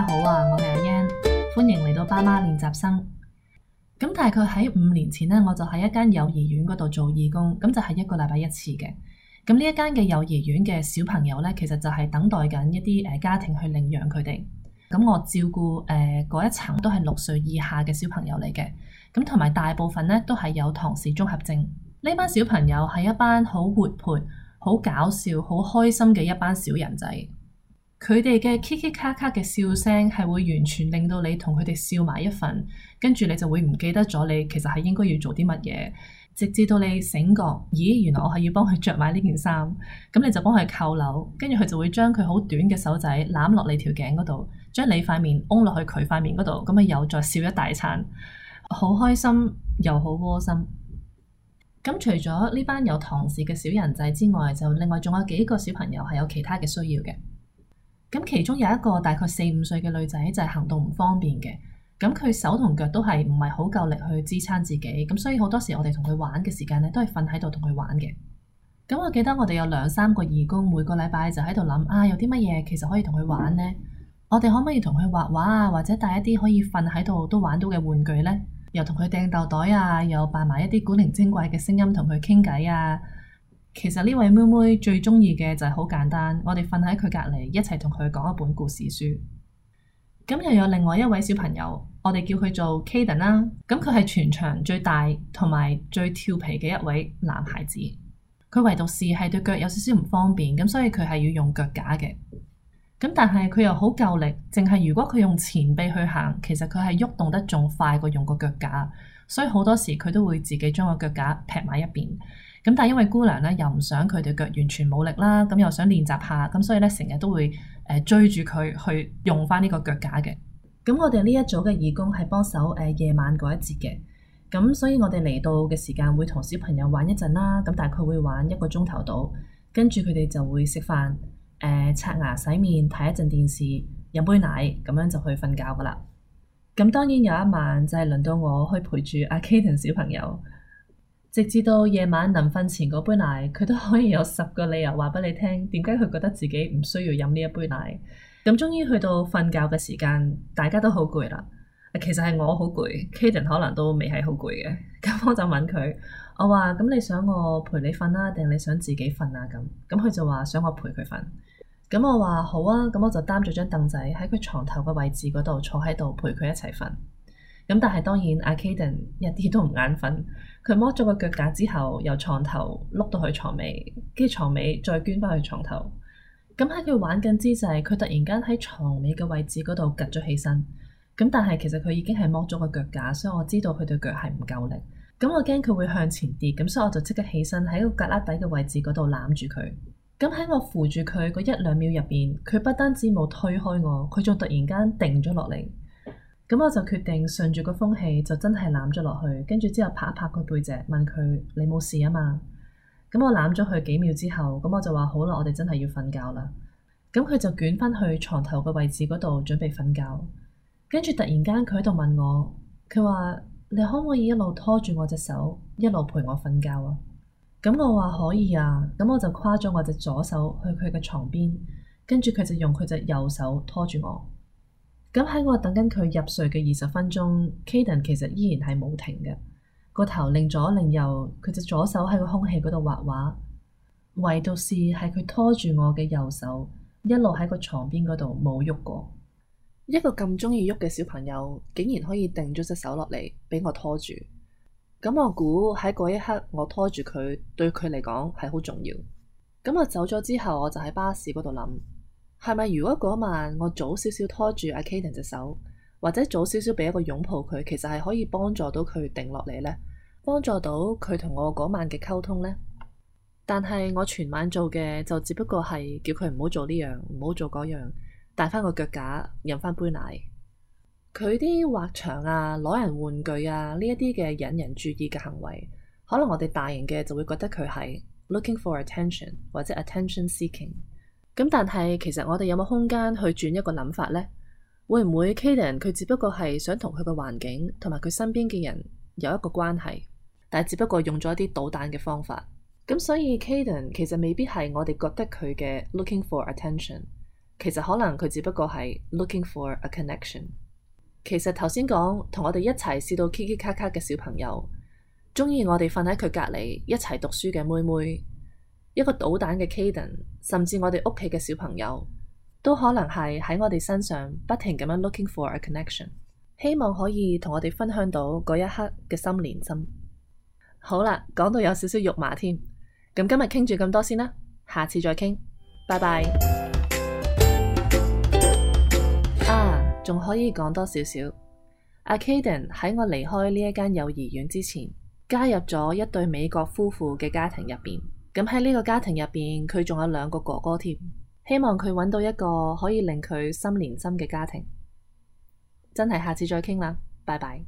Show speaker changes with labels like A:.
A: 大家好啊，我係阿 Yan，歡迎嚟到爸媽練習生。咁大概喺五年前呢，我就喺一間幼兒園嗰度做義工，咁就係一個禮拜一次嘅。咁呢一間嘅幼兒園嘅小朋友呢，其實就係等待緊一啲誒家庭去領養佢哋。咁我照顧誒嗰、呃、一層都係六歲以下嘅小朋友嚟嘅。咁同埋大部分呢，都係有唐氏綜合症。呢班小朋友係一班好活潑、好搞笑、好開心嘅一班小人仔。佢哋嘅嘰嘰咔咔嘅笑聲係會完全令到你同佢哋笑埋一份，跟住你就會唔記得咗你其實係應該要做啲乜嘢，直至到你醒覺，咦，原來我係要幫佢着埋呢件衫，咁你就幫佢扣鈕，跟住佢就會將佢好短嘅手仔攬落你條頸嗰度，將你塊面擁落去佢塊面嗰度，咁啊又再笑一大餐，好開心又好窩心。咁除咗呢班有唐氏嘅小人仔之外，就另外仲有幾個小朋友係有其他嘅需要嘅。咁其中有一個大概四五歲嘅女仔就係行動唔方便嘅，咁佢手同腳都係唔係好夠力去支撐自己，咁所以好多時我哋同佢玩嘅時間咧都係瞓喺度同佢玩嘅。咁我記得我哋有兩三個義工每個禮拜就喺度諗啊有啲乜嘢其實可以同佢玩咧，我哋可唔可以同佢畫畫啊，或者帶一啲可以瞓喺度都玩到嘅玩具咧？又同佢掟豆袋啊，又扮埋一啲古靈精怪嘅聲音同佢傾偈啊。其實呢位妹妹最鍾意嘅就係好簡單，我哋瞓喺佢隔籬，一齊同佢講一本故事書。咁又有另外一位小朋友，我哋叫佢做 Caden 啦、啊。咁佢係全場最大同埋最調皮嘅一位男孩子。佢唯獨是係對腳有少少唔方便，咁所以佢係要用腳架嘅。咁但係佢又好夠力，淨係如果佢用前臂去行，其實佢係喐動得仲快過用個腳架，所以好多時佢都會自己將個腳架劈埋一邊。咁但係因為姑娘咧又唔想佢哋腳完全冇力啦，咁又想練習下，咁所以咧成日都會誒、呃、追住佢去用翻呢個腳架嘅。咁我哋呢一組嘅義工係幫手誒夜晚嗰一節嘅，咁、呃、所以我哋嚟到嘅時間會同小朋友玩一陣啦，咁、呃、大概會玩一個鐘頭到，跟住佢哋就會食飯、誒、呃、刷牙、洗面、睇一陣電視、飲杯奶，咁樣就去瞓覺噶啦。咁、呃、當然有一晚就係輪到我去陪住阿 Kate 同小朋友。直至到夜晚臨瞓前嗰杯奶，佢都可以有十個理由話俾你聽，點解佢覺得自己唔需要飲呢一杯奶。咁終於去到瞓覺嘅時間，大家都好攰啦。其實係我好攰，Kaden 可能都未係好攰嘅。咁我就問佢，我話：咁你想我陪你瞓啊，定你想自己瞓啊？咁咁佢就話想我陪佢瞓。咁我話好啊，咁我就擔住張凳仔喺佢床頭個位置嗰度坐喺度陪佢一齊瞓。咁、嗯、但係當然，阿 Kaden 一啲都唔眼瞓。佢摸咗個腳架之後，由床頭碌到去床尾，跟住床尾再捐翻去床頭。咁喺佢玩緊之際，佢突然間喺床尾嘅位置嗰度趷咗起身。咁、嗯、但係其實佢已經係摸咗個腳架，所以我知道佢對腳係唔夠力。咁、嗯、我驚佢會向前跌，咁、嗯、所以我就即刻起身喺個格旯底嘅位置嗰度攬住佢。咁、嗯、喺我扶住佢嗰一兩秒入邊，佢不單止冇推開我，佢仲突然間定咗落嚟。咁、嗯、我就決定順住個風氣，就真係攬咗落去，跟住之後拍一拍個背脊，問佢你冇事啊嘛？咁、嗯、我攬咗佢幾秒之後，咁、嗯、我就話好啦，我哋真係要瞓覺啦。咁、嗯、佢就捲翻去床頭個位置嗰度準備瞓覺，跟住突然間佢喺度問我，佢話你可唔可以一路拖住我隻手，一路陪我瞓覺啊？咁、嗯、我話可以啊，咁、嗯、我就跨咗我隻左手去佢嘅床邊，跟住佢就用佢隻右手拖住我。咁喺我等緊佢入睡嘅二十分鐘，Kaden 其實依然係冇停嘅，個頭擰左擰右，佢隻左手喺個空氣嗰度畫畫，唯獨是係佢拖住我嘅右手，一路喺個床邊嗰度冇喐過。一個咁鍾意喐嘅小朋友，竟然可以定咗隻手落嚟，俾我拖住。咁我估喺嗰一刻，我拖住佢，對佢嚟講係好重要。咁我走咗之後，我就喺巴士嗰度諗。係咪如果嗰晚我早少少拖住阿 Katen 隻手，或者早少少俾一個擁抱佢，其實係可以幫助到佢定落嚟呢？幫助到佢同我嗰晚嘅溝通呢？但係我全晚做嘅就只不過係叫佢唔好做呢樣，唔好做嗰樣，帶翻個腳架，飲翻杯奶。佢啲畫牆啊、攞人玩具啊呢一啲嘅引人注意嘅行為，可能我哋大型嘅就會覺得佢係 looking for attention 或者 attention seeking。咁但係其實我哋有冇空間去轉一個諗法呢？會唔會 Kaden 佢只不過係想同佢嘅環境同埋佢身邊嘅人有一個關係，但係只不過用咗一啲搗蛋嘅方法。咁所以 Kaden 其實未必係我哋覺得佢嘅 looking for attention，其實可能佢只不過係 looking for a connection。其實頭先講同我哋一齊笑到 k 嘰卡卡嘅小朋友，中意我哋瞓喺佢隔籬一齊讀書嘅妹妹。一個搗蛋嘅 Caden，甚至我哋屋企嘅小朋友，都可能係喺我哋身上不停咁樣 looking for a connection，希望可以同我哋分享到嗰一刻嘅心連心。好啦，講到有少少肉麻添，咁今日傾住咁多先啦，下次再傾，拜拜。 啊，仲可以講多少少。阿 Caden 喺我離開呢一間幼兒園之前，加入咗一對美國夫婦嘅家庭入邊。咁喺呢個家庭入邊，佢仲有兩個哥哥添，希望佢揾到一個可以令佢心連心嘅家庭。真係下次再傾啦，拜拜。